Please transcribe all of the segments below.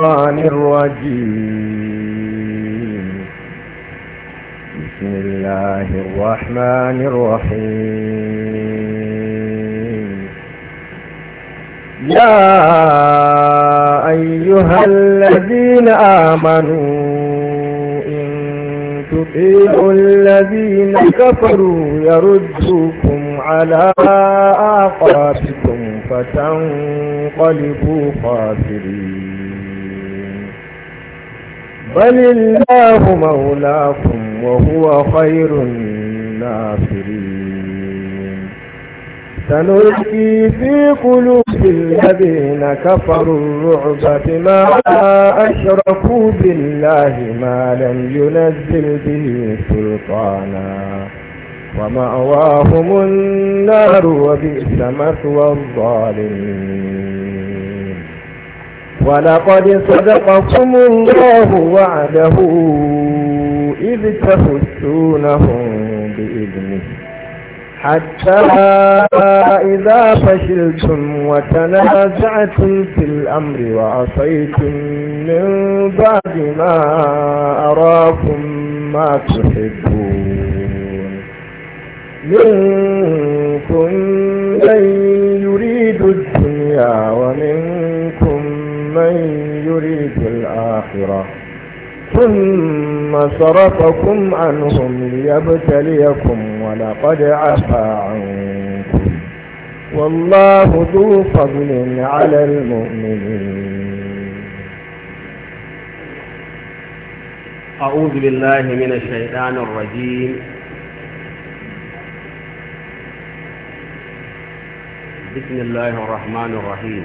الشيطان الرجيم بسم الله الرحمن الرحيم يا أيها الذين آمنوا إن تطيعوا الذين كفروا يردوكم على آقابكم فتنقلبوا خاسرين بل الله مولاكم وهو خير الناصرين سنلقي في قلوب الذين كفروا الرعب بما أشركوا بالله ما لم ينزل به سلطانا ومأواهم النار وبئس مثوى الظالمين ولقد صدقكم الله وعده إذ تحسونهم بإذنه حتى إذا فشلتم وتنازعتم في الأمر وعصيتم من بعد ما أراكم ما تحبون منكم من يريد الدنيا ومن من يريد الآخرة ثم صرفكم عنهم ليبتليكم ولقد عفا عنكم والله ذو فضل على المؤمنين أعوذ بالله من الشيطان الرجيم بسم الله الرحمن الرحيم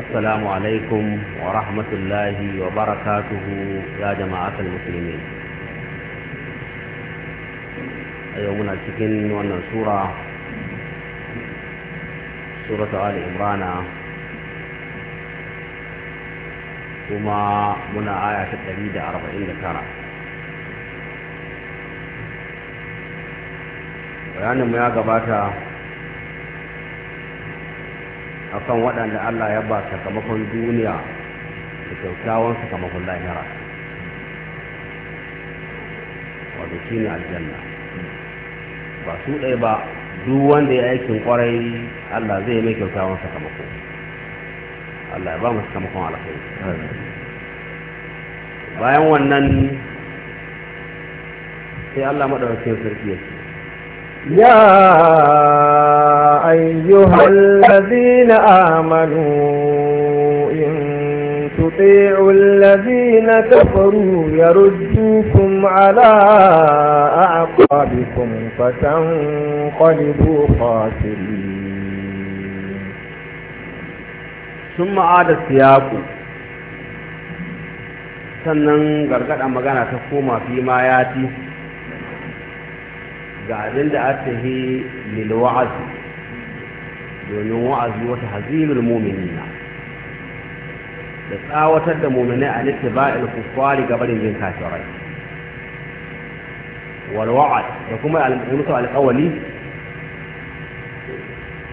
السلام عليكم ورحمة الله وبركاته يا جماعة المسلمين يومنا السكن وانا سورة سورة آل عمران وما منا آية التبيد أربعين ذكرى bayaninmu ya gabata akan waɗanda Allah ya ba sakamakon duniya da kyakkyawan sakamakon lahira wadda shi ne aljanna ba su ɗaya ba duk wanda ya aikin kwarai Allah zai mai kyakkyawan sakamako Allah ya ba mu sakamakon alkhairi bayan wannan sai Allah maɗaukakin sarki ya ce يا أيها الذين آمنوا إن تطيعوا الذين كفروا يردوكم على أعقابكم فتنقلبوا خاسرين ثم عاد السياق sannan gargada magana ta koma fi ma ya ga abin da aka yi wa'azi domin wa'azi wata hazilul na da tsawatar da mu'minai a littiba'il kuffari ga barin yin kafirai wal wa'ad da kuma al-mutu al-qawli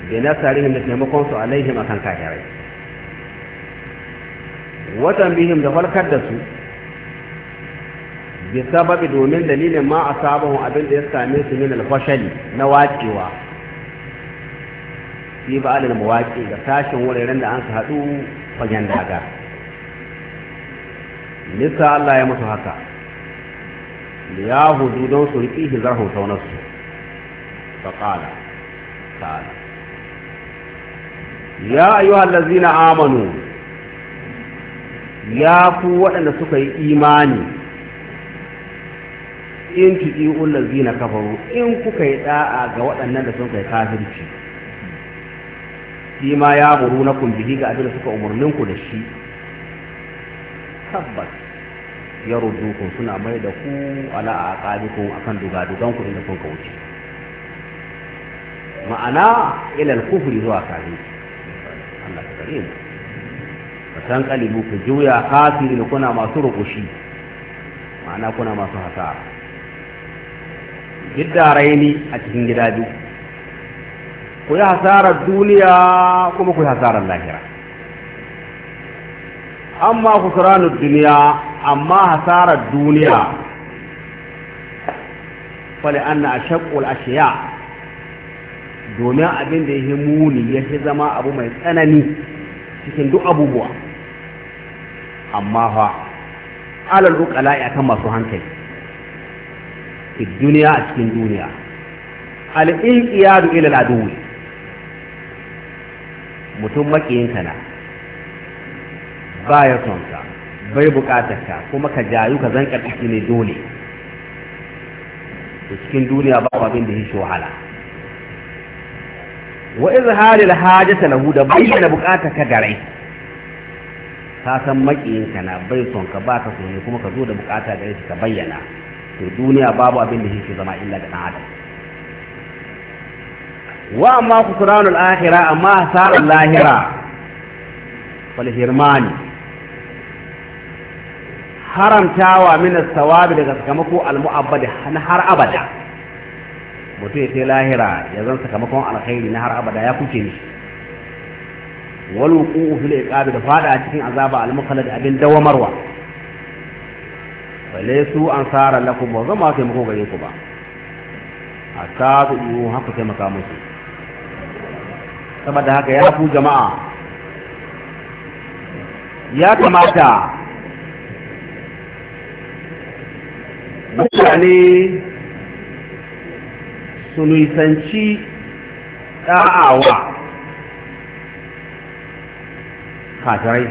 bi da taimakon su alaihim akan kafirai watan bihim da falkar da su bi sababi domin dalilin ma a sabon abin da ya same su min alfashali na wacewa fi ba alal mawaqi ga tashin wuraren da an ka hadu fagen daga nisa Allah ya musu haka ya hudu don su riƙi hizarhun saunarsu fa qala ta'ala ya ayyuhal ladzina amanu ya ku waɗanda suka yi imani in tuɗi ulal zina kafaru in kuka yi ɗa'a ga waɗannan da sun kai kafirci shi ma ya muru na bihi ga abin da suka umarninku da shi tabbas ya rujukun suna mai da ku ala a ƙalikun akan dugadugan ku inda kun wuce ma'ana ilal kufuri zuwa kare Allah ka kare mu ka san kalibu ku juya kafiri kuna masu rukushi ma'ana kuna masu hasara yadda raini a cikin gida biyu ku yi hasarar duniya kuma ku yi hasarar lahira amma kusuranin duniya amma hasarar duniya fali an na ashakul ashiya domin abin da ya muni ya fi zama abu mai tsanani cikin duk abubuwa amma fa alal ukala ya masu hankali fi duniya a cikin duniya al-inqiyadu ila al-aduwi mutum makiyinka na baya son ka bai bukatar ka kuma ka jayu ka zanka ciki ne dole cikin duniya ba abin da ya yake wahala wa izhari al ta lahu da bayyana bukatar ka garai ka san makiyinka na bai son ka ba ka so kuma ka zo da bukata gare shi ka bayyana to duniya babu abin da yake zama illa da ɗan adam wa amma kusuranul akhira amma hasarar lahira wal hirmani haramtawa min as-sawabi daga sakamako al-mu'abbad na har abada mutum ya sai lahira ya zan sakamakon alkhairi na har abada ya kuce ni wal wuqu'u fil iqabi da fada a cikin azaba al da abin dawamarwa laysu ansara lakum ba zama taimako gare ku ba a ta tsuyu haka taimaka musu saboda haka ya ku jama'a ya kamata mutane su nisanci ɗa'awa kafirai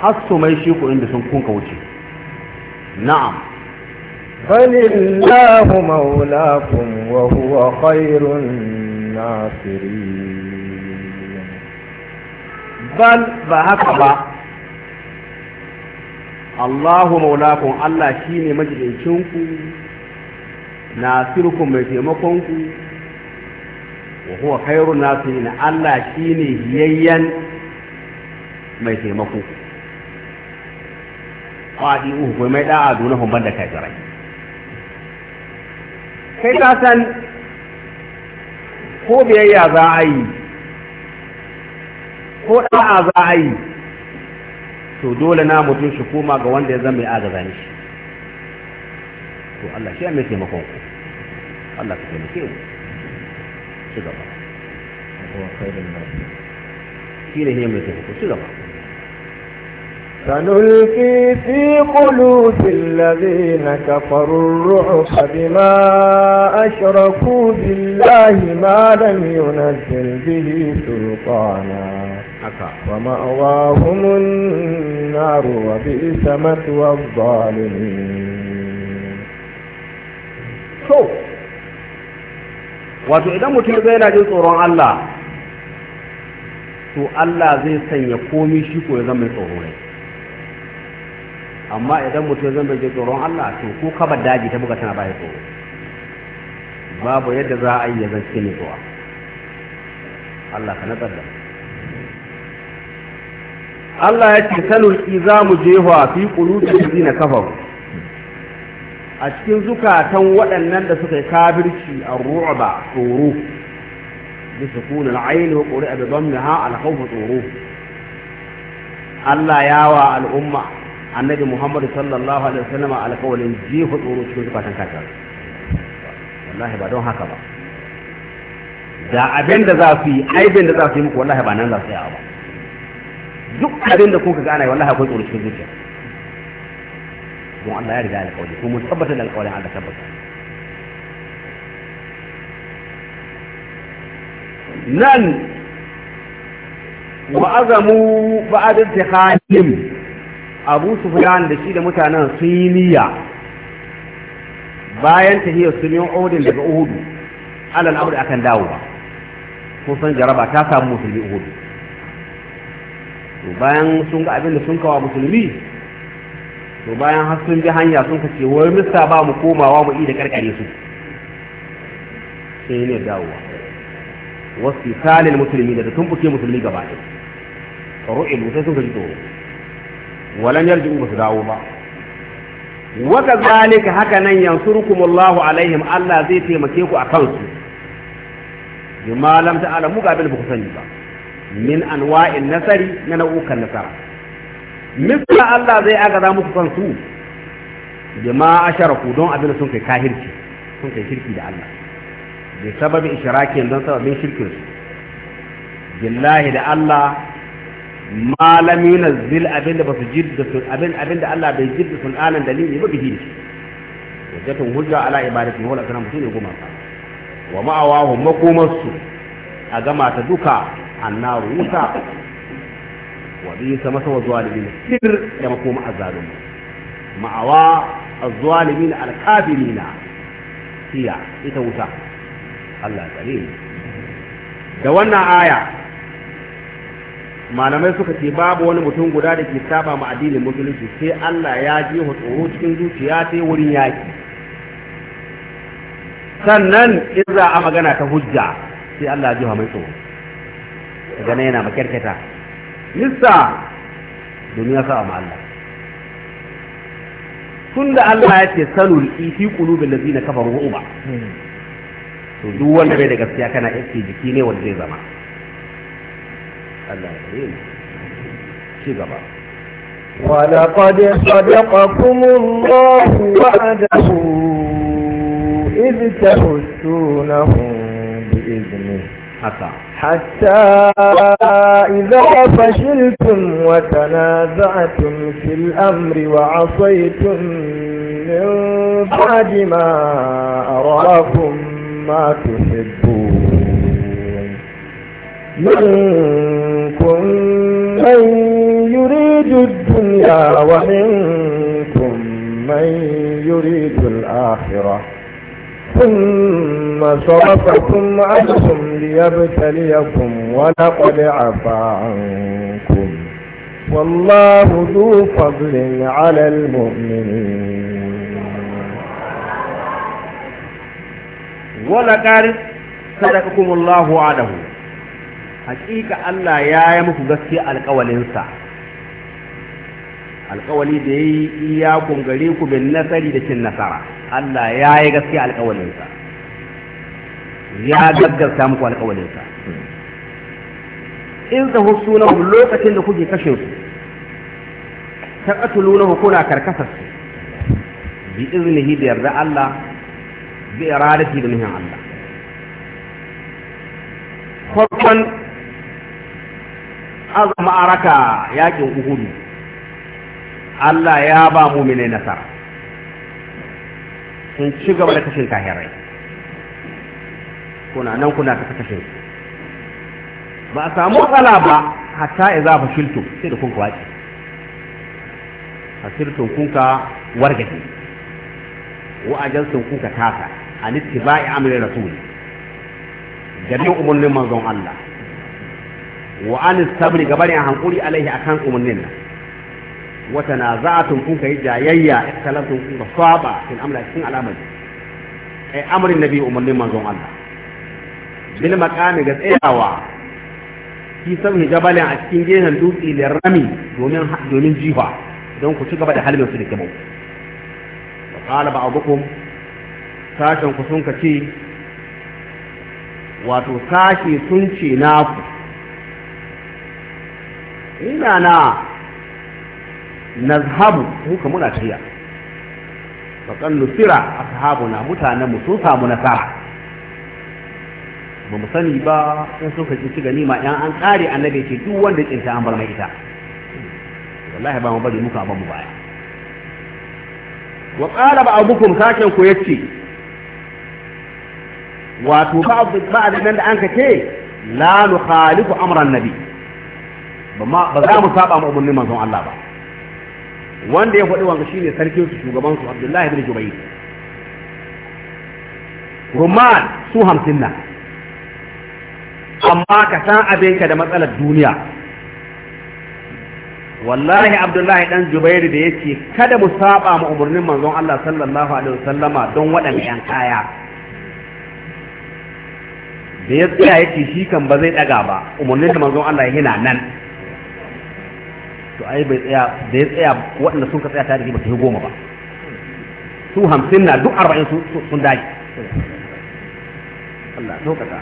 har su mai shi inda sun kunka wuce na'am falillahu maulakum wa huwa khairun nasirin bal ba haka ba Allahu maulakum Allah shine majidincinku nasirukum mai taimakonku wa huwa khairun nasirin Allah shine hiyayyan mai taimako wadi uku ko mai da'a dole hun banda kafirai kai ka san ko biyayya za a yi ko ɗa'a za a yi to dole na mutum shi koma ga wanda ya zama ya agaza ni shi to Allah shi mai taimakon ku Allah ka taimake mu shi gaba shi ne mai taimako shi gaba سنلقي في قلوب الذين كفروا الرعب بما أشركوا بالله ما لم ينزل به سلطانا ومأواهم النار وبئس مثوى الظالمين wato idan mutum zai yana jin tsoron Allah to Allah zai sanya komi shi ko ya zama mai tsoro ne amma idan mutum zan bai tsoron Allah to ko kabar daji ta buga tana baya tsoro babu yadda za a yi ya zan cikin zuwa. Allah ka natsar da Allah ya ce sanul izamu jehwa fi qulubi na kafaru a cikin zukatan waɗannan da suka yi kafirci a ru'ba tsoro bisa kuna al'ayin wa ƙuri'a da zammiha al-khawf tsoro Allah yawa al'umma annabi Muhammadu sallallahu alaihi wasallam alƙawalin jihu tsoro cikin zukatan kafir wallahi ba don haka ba da abin da za su yi aibin da za su yi muku wallahi ba nan za su yi ba duk abin da kuka gane wallahi akwai tsoro cikin zuciya don Allah ya riga alƙawali kuma mun tabbatar da alƙawalin Allah tabbata nan wa azamu ba'ad intiqalim abu sufyan da shi da mutanen sun yi niyya bayan ta tahiyar sun yi odin daga uhudu alal amri akan dawowa ko san jaraba ta samu musulmi uhudu to bayan sun ga abin da sun kawa musulmi to bayan har sun bi hanya sun kace wai mista ba mu komawa mu da karkare su sai ne dawowa wasu salil musulmi da tumbuke musulmi gaba ɗaya ru'il sai sun kaji tsoro walan yarji ba su dawo ba waka zalika haka nan yansurukum Allahu alaihim Allah zai taimake ku akan su bima lam ta'lamu ga bil sani ba min anwa'in nasari na nau'ukan nasara misla Allah zai aga za muku kan su bima asharaku don abin sun kai shirki da Allah sababi billahi da Allah malami na zil abinda ba su jidda sun abin da Allah bai jidda sun alan dalili ba bihi hujjatun hujja ala ibadati wala kana mutum ne goma wa ma'awahu makomarsu a gama ta duka annaru wuta wa bi sama sama zalimin sir da makoma azalumi ma'awa az-zalimin al-kafirina hiya ita wuta Allah karim da wannan aya malamai suka ce babu wani mutum guda da ke saba ma addinin musulunci sai Allah ya je wa tsoro cikin zuciya sai wurin yaki sannan in za a magana ta hujja sai Allah ya ji mai tsoro daga nan yana makyarkata lissa duniya sa ma Allah tun da Allah ya ce sanul ifi qulubil ladina kafaru uba hmm. to duk wanda bai da gaskiya kana yake jiki ne wanda zai zama العظيم كبرا ولقد صدقكم الله وعده إذ تحسونهم بإذنه حتى حتى إذا فشلتم وتنازعتم في الأمر وعصيتم من بعد ما أراكم ما تحبون منكم من يريد الدنيا ومنكم من يريد الآخرة ثم صرفكم عنكم ليبتليكم ولقد عفا عنكم والله ذو فضل على المؤمنين ولا كارث صدقكم الله وعده haƙiƙa Allah ya yi muku gaskiya alƙawalinsa alƙawali da ya yi ya gare ku bin nasari da cin nasara Allah ya yi gaskiya alƙawalinsa ya gaggarta muku alƙawalinsa in zahu sunahu lokacin da kuke kashe su ta qatulunahu kuna karkasar su bi iznihi da yarda Allah bi iradati da nihin Allah farkon azama araka yakin uhudu Allah ya ba mu mine nasara sun ci gaba da kashin kahirai kuna nan kuna ta kashin ba a samu matsala ba hatta ya zafa shilto sai da kun kwace a shilton kunka wargaje wa'ajansun kunka taka a nitti ba'i amirin rasuli jami'in umarnin manzon Allah wa an sabri gabarin hankuri alaihi akan umarnin nan wata na za'atun kun kai jayayya ikhtalaftun kun saba fil amla cikin al'amari ai amrin nabi umarnin manzon Allah bil maqami ga tsayawa fi sabhi jabalin a cikin gehen dutse da rami domin jiha, jifa don ku ci gaba da halin su da kibau wa qala ba'dukum sashen ku sun ka ce wato sashi sun ce naku ina na nazhabu muka muna tafiya faƙan nusira a sahabu na mutanen mu sun samu nasara ba mu sani ba in suka ci ci ganima yan an ƙare annabi ce duk wanda kinta an bar mai ita wallahi ba mu bari muka ba mu baya wa qala ba'dukum sakin ku yace wato ba'd ba'd nan da an kace la nukhalifu amran nabi ba za mu saba mu umarnin manzon Allah ba wanda ya faɗi wanga shine sarkin su shugaban su Abdullahi bin Jubayr Rumman su hamsin nan. amma ka san ka da matsalar duniya wallahi Abdullahi dan Jubairu da yake kada mu saba mu umarnin manzon Allah sallallahu alaihi wasallama don waɗanda yan kaya da ya tsaya yake shi kan ba zai daga ba umarnin da manzon Allah ya hina nan to ai bai tsaya da ya tsaya waɗanda sun ka tsaya tare da ba su yi goma ba su hamsin na duk arba'in sun dage Allah saukaka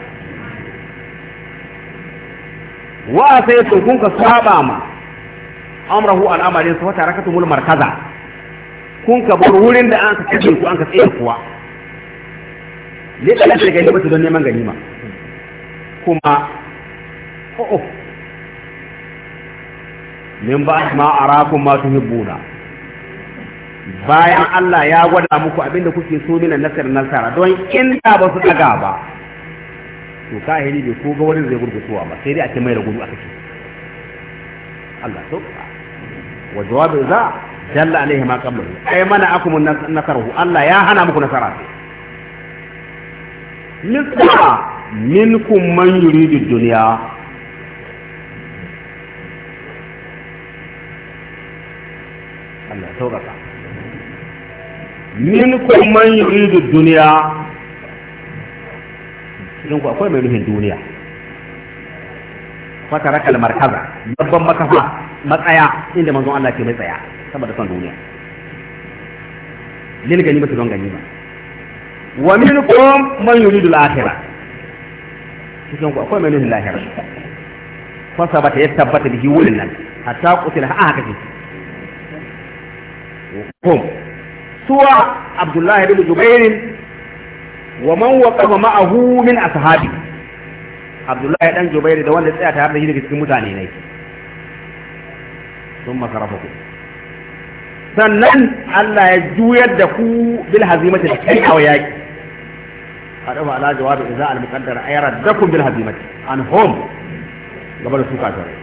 wa sai to kun ka saba ma amrahu al'amarin su wata rakatumul markaza kun ka bar wurin da an ka kike ku an ka tsaya kuwa ne da lafiya su don neman ganima kuma ko oh, oh. min ba ma arakum ma tuhibbuna bayan Allah ya gwada muku abinda kuke so mina nasar nasara don da ba su daga ba to kahiri bai ko ga wani zai gurgutuwa ba sai dai a ce mai da gudu aka ce Allah to wa jawabin za jalla alaihi ma qablahu ai mana akum nasarahu Allah ya hana muku nasara min minkum man yuridu dunya Allah sauƙaƙa minkum man yuridu duniya cikin ku akwai mai nufin duniya fata rakal markaza babban makafa matsaya inda manzon Allah ke mai tsaya saboda son duniya lil gani ba don gani ba wa min man yuridu da akhirah cikin ku akwai mai nufin lahira ba ta ya tabbata da wulin nan hatta qutila a haka ce hum suwa abdullahi bin zubairin wa man waqafa a min ashabi abdullahi dan zubairu da wanda tsaya tare da shi daga cikin mutane ne sun sannan Allah ya juyar da ku bil hazimati da kai a yaki hadafa ala jawabi idza al muqaddara ayara dakum bil hazimati an hum gaba da su kafirai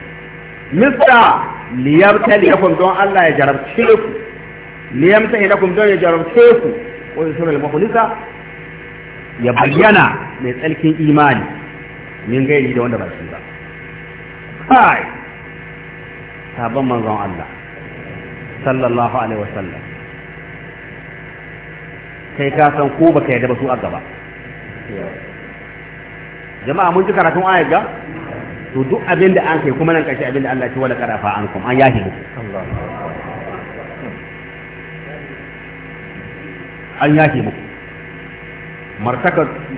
mista liyabtaliyakum don Allah ya jarabce ku liyamta ilakum don ya jarumce ku wa yusur al-mukhlisa ya bayyana mai tsalkin imani min gairi da wanda ba shi ba kai sabon manzon Allah sallallahu alaihi wa sallam. kai ka san ko baka yarda ba su a gaba jama'a mun ji karatun ayat ga to duk abin da an kai kuma nan kashi abin da Allah ya ce wala karafa an kuma an yahi muku an yake muku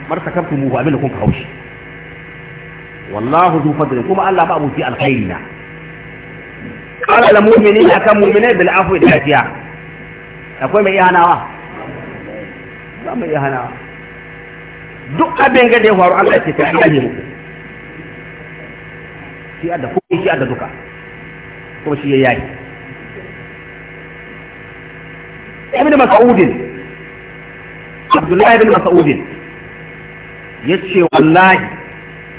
martakabtu mu abin da kun haushi wallahu zu fadli kuma Allah ba abuci alkhairi na qala lil mu'minina akan mu'minai bil afwi da afiya akwai mai ihanawa ba mai ihanawa duk abin ga da ya faru Allah ya ce ta yaje muku shi adda ko shi adda duka kuma shi ya yayi ibn mas'udin abdullahi bin mas'ud yace wallahi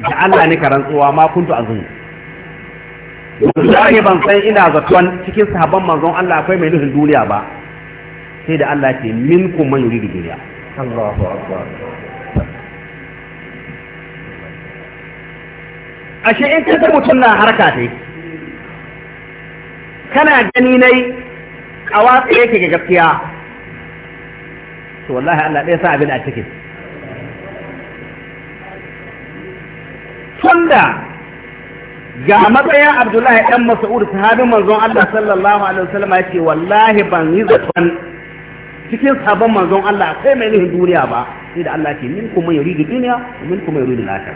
da Allah ne ka rantsuwa ma kuntu azun wallahi ban san ina zaton cikin sahabban manzon Allah akwai mai nufin duniya ba sai da Allah ke minkum man da duniya Allahu akbar ashe in ka mutum na harka ta kana gani nai a watsa yake ga gaskiya to wallahi Allah ɗaya sa abin a cikin tunda ga matsayin Abdullahi ɗan Mas'ud sahabin manzon Allah sallallahu alaihi wasallam ya ce wallahi ban yi zaton cikin sabon manzon Allah akwai mai nihin duniya ba sai da Allah ke min kuma yuridu duniya min kuma yuridu lakar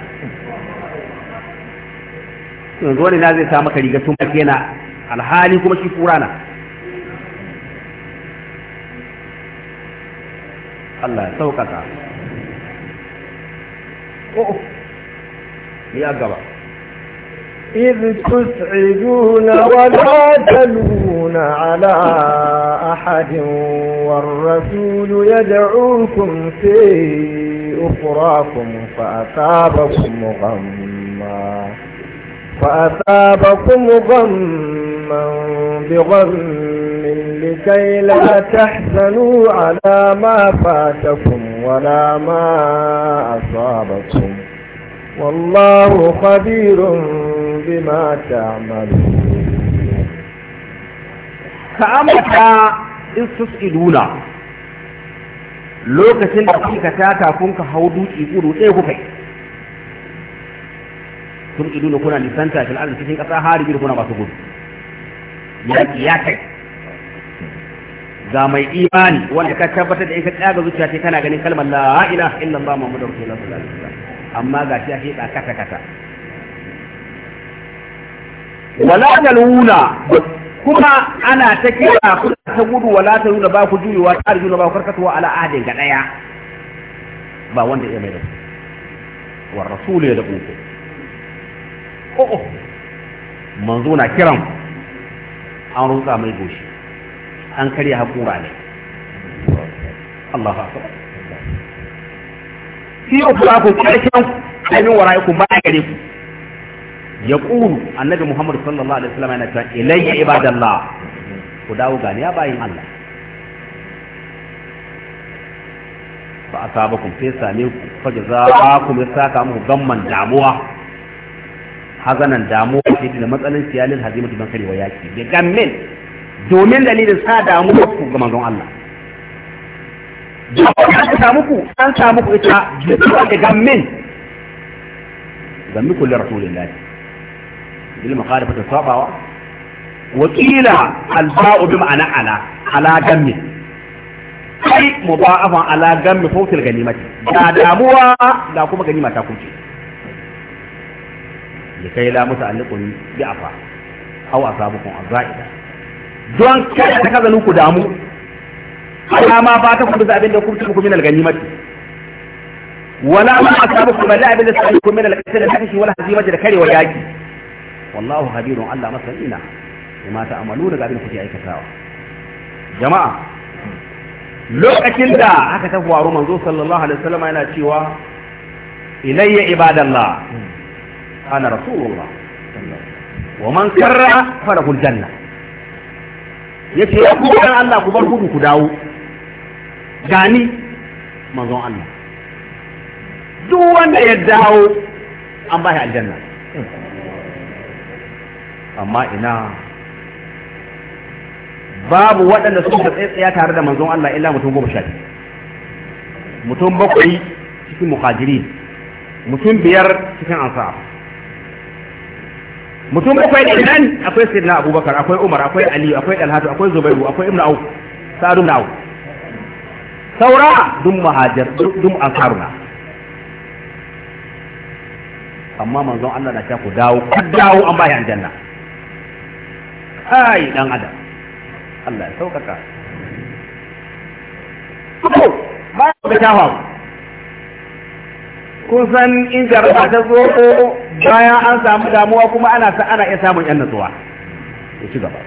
yanzu wani na zai sa maka riga tun ba. yana alhali kuma shi kurana Allah ya sauƙaƙa oh, ya gaba إذ تسعدون ولا تلون على أحد والرسول يدعوكم في أخراكم فأثابكم غما فأثابكم غما بغم لكي لا تحزنوا على ما فاتكم ولا ما أصابكم والله خبير بما تعملون كأمتا istus'iluna lokacin da kuka taka kun ka hau dutse kudu ɗaya kuka yi sun iduna kuna nisanta fil ardi cikin ƙasa haribin kuna masu gudu kai ga mai imani wanda ka tabbatar da ita tsaga zuciya ce tana ganin kalmar la ilaha illallah muhammadur rasulullah sallallahu alaihi wasallam amma ga shi ake kata kata wala taluna kuma ana ta kira ku ta gudu wala taluna ba ku juyewa ta arjuna ba ku karkatuwa ala ahadin ga daya ba wanda ya mai da wa rasul ya da ku oh, oh manzo na kiran an ruka mai goshi an karya haƙura ne Allah ha fi ukura ku karshen ainihin wara'ikun ba a gare ku ya ƙuru annabi Muhammad sallallahu alaihi wasallam yana cewa ilayya ibadallah ku dawo gani ya bayin Allah ba a saba kun sai same ku faje za a saka muku gamman damuwa hazanan damuwa ke da matsalin siyalin hazimatu ban karewa yaki da gammin domin dalilin sa damu ku ga manzon Allah an samu ku an samu ku ita da gammin gammi kullu rasulillahi bil mukhalafati sabawa وقيل الباء بمعنى على على جم أي مضاعفا على da فوت الغنيمة دا داموا دا كما غنيمة تكونش لكي لا متعلق بأفا أو أصابكم الرائدة don kada ta kazanin ku damu ala ma ba ta kudu abin da kurtu ku min al-ganimat wala ma asabakum balla abin da sai kuma min al-qatl da kashi wala hazima da karewa yaki wallahu habirun Allah masalina bima ta'amalu daga abin da kuke aikatawa jama'a lokacin da aka ta faru manzo sallallahu alaihi wasallam yana cewa ilayya ibadallah ana rasulullah wa man karra falahu al-jannah ya ce ya ɗan Allah ku bar gudu ku dawo gani manzon Allah duk wanda ya dawo an ba shi aljanna amma ina babu waɗanda suka tsaya tare da manzon Allah illa mutum goma sha mutum bakwai cikin muhajiri mutum biyar cikin ansar mutum akwai ne akwai sayyidina abubakar akwai umar akwai aliyu akwai dalhatu akwai zubairu akwai ibnu auf sa'adu na'u saura dum muhajir dum asharuna amma manzon Allah da ta ku dawo ku dawo an bayan janna ai dan adam Allah ya saukaka ba ba ta hawa kun san in da ta zo bayan an samu damuwa kuma ana sa ana iya samun yan nutsuwa ya ci gaba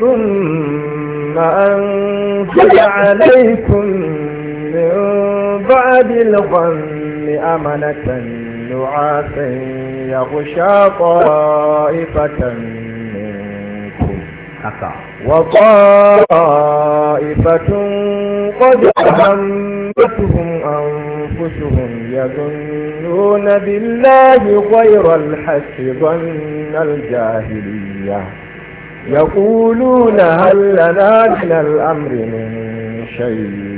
thumma anzala alaykum min ba'di al-dhanni amanatan nu'asan yaghsha qa'ifatan haka وطائفة قد أهمتهم أنفسهم يظنون بالله غير الحس ظن الجاهلية يقولون هل لنا من الأمر من شيء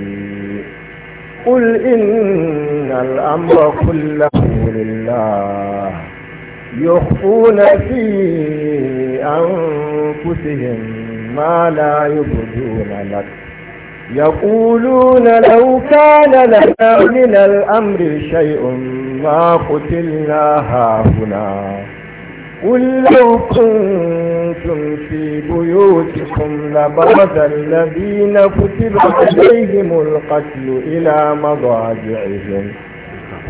قل إن الأمر كله لله يخفون في أنفسهم ما لا يبدون لك يقولون لو كان لنا من الأمر شيء ما قتلنا هاهنا قل لو كنتم في بيوتكم لبرز الذين كتب عليهم القتل إلى مضاجعهم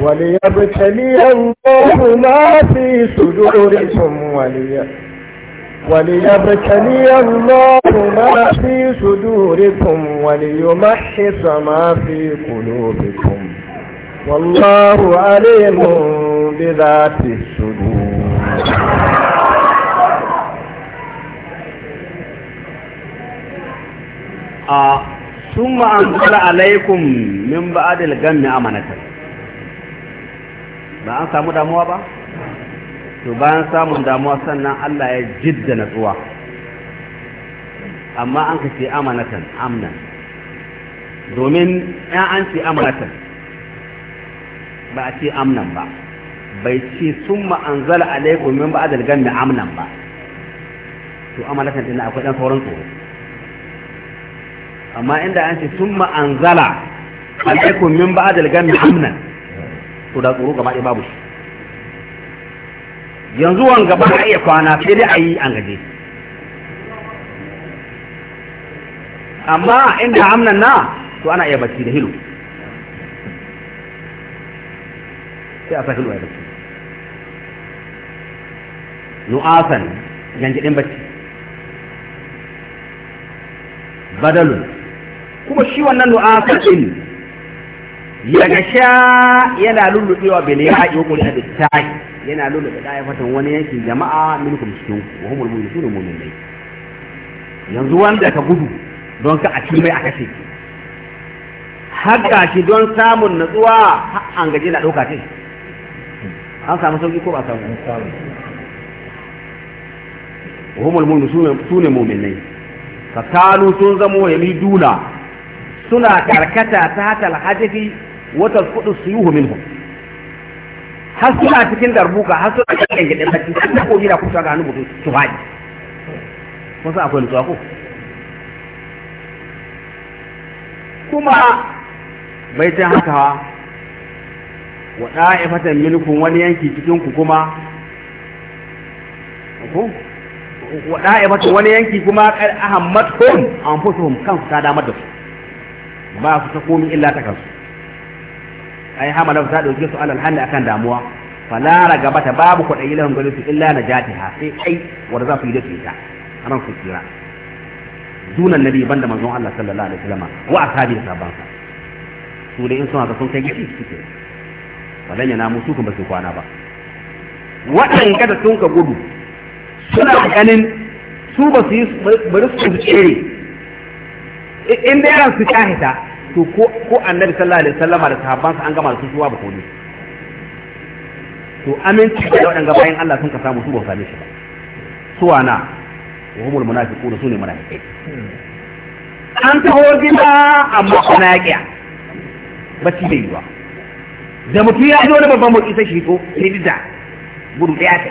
وليبتلي الله ما في صدوركم وليبتلي وليبتلي الله ما في صدوركم وليمحص ما في قلوبكم والله عليم بذات الصدور آه. ثم أنزل عليكم من بعد الغم أمانة ba an samu damuwa ba to bayan samun damuwa sannan Allah ya jidda natsuwa amma an ka ce amanatan amnan domin ɗan an ce amanatan ba a ce amnan ba bai ce sun ma'anzala alaikum min ba ba'adal ganna amnan ba to amanatan din akwai ɗan sauran tsoro amma inda an ce sun ma'anzala alaikum min ba ba'adal ganna amnan to da tsoro gaba ɗaya babu shi yanzu wanga ba a iya kwana sai dai a yi an gaje amma inda amnan na to ana iya bacci da hilo sai a sa hilo ya bacci nu'asan yanjidin bacci badalun kuma shi wannan nu'asan daga sha yana lullubewa bele ya haƙi hukuri a bistai yana lullube da fatan wani yankin jama'a minkum cikin wa humul mu'minuna mu'minai yanzu wanda ka gudu don ka a mai a kashe haka shi don samun natsuwa an gaje na ɗauka ce an samu sauki ko ba samu wa humul mu'minuna sune mu'minai fa kalu sun zamo yamiduna suna karkata ta hatal hajjafi wata kudu suyuhu minhum har suna cikin darbuka har suna cikin gidan bacci har da kogi da kusa ga hannu mutum su faɗi kun san akwai nutsuwa ko kuma bai ta haka wa da'ifatan minkum wani yanki cikin ku kuma ko wa da'ifatan wani yanki kuma qad ahammat hum anfusuhum kansu ta damar da su ba su ta komi illa ta kansu ai hamala ta dauke su alal hali akan damuwa fala ragabata babu kwadayi lahum gare su illa najatiha sai ai wanda za su yi da ita anan su kira dunan nabi banda manzon Allah sallallahu alaihi wasallam wa ashabi sahabban sa su da in suna ga sun kai gishi suke Wannan yana musu kuma su kwana ba waɗanda da sun ka gudu suna ganin su ba su yi bari su tsere in da yaran su kahita to ko annabi sallallahu alaihi wasallam da sahabbansa an gama da su suwa ba ko to aminci da wadanda bayan Allah sun ka samu su ba same shi ba suwa na wa munafiqu da sune munafiqai an taho gida amma kuna ba ci bai yi ba da mutum ya zo da babban motsi sai shi ko sai dida gudu ɗaya ta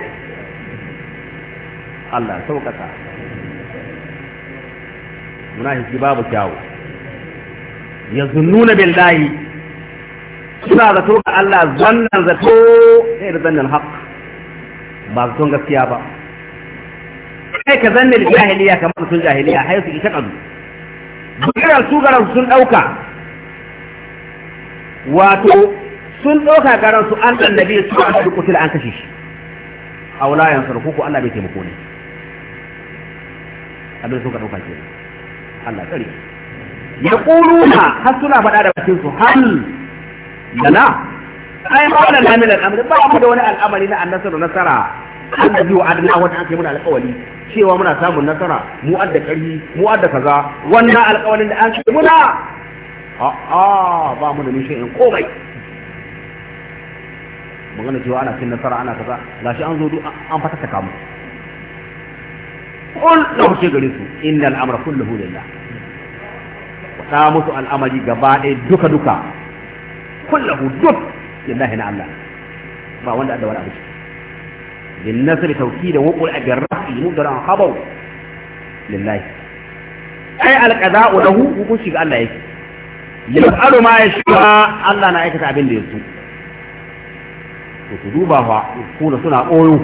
Allah sauƙaƙa munafiki babu kyawu ya zunnuna billahi suna zato ga Allah zannan zato sai da zannan haq ba zaton gaskiya ba kai ka zanne da jahiliya kamar sun jahiliya har su ita kadu bukira su garan sun dauka wato sun dauka garan su an annabi su an da kutul an kashe shi a wulayen sarku ko Allah bai taimako ne abin sun ka dauka ke Allah tsare ya ƙuluna har suna faɗa da bakin su hal da na ai hawala na da al'amari ba mu da wani al'amari na annasaru nasara an da biyu adana wanda aka yi muna alƙawari cewa muna samun nasara mu adda ƙarfi mu adda kaza wannan alƙawarin da an yi. muna a'a ba mu da nishin in komai magana cewa ana cin nasara ana kaza gashi an zo duk an fatata kamu قل له شيء قال إن الأمر كله لله ta musu al'amari gaba ɗaya duka duka kullahu duk lillahi na Allah ba wanda da wani abu lin nasr tawkid wa qul ajr rafi an khabar lillahi ai al qada'u lahu hukunci ga Allah yake yaf'alu ma ya shiga, Allah na aikata abin da yake to su duba fa kuna suna koyo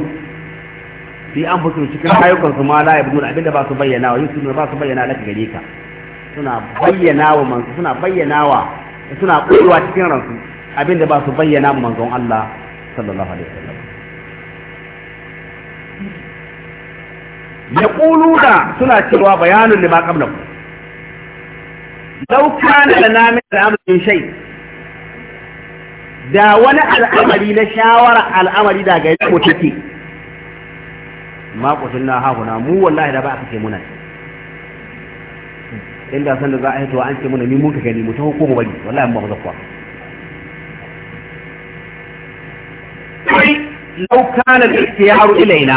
sai an fito cikin ayyukan su ma la yabdun abin da ba su bayyana wa yusuf ba su bayyana laka gare ka suna bayyana wa manzo suna bayyana wa suna koyewa cikin ransu abinda ba su bayyana wa manzon Allah sallallahu alaihi wasallam yaquluna suna cewa bayanun lima qablakum law kana lana min amrin shay da wani al'amari na shawara al'amari da gari ko take ma kutunna ha mu wallahi da ba a kace muna inda san da za a hitowa an ce muna ni muka gani mu taho ko mu bari wallahi amma ba zakwa law kana al-ikhtiyaru ilaina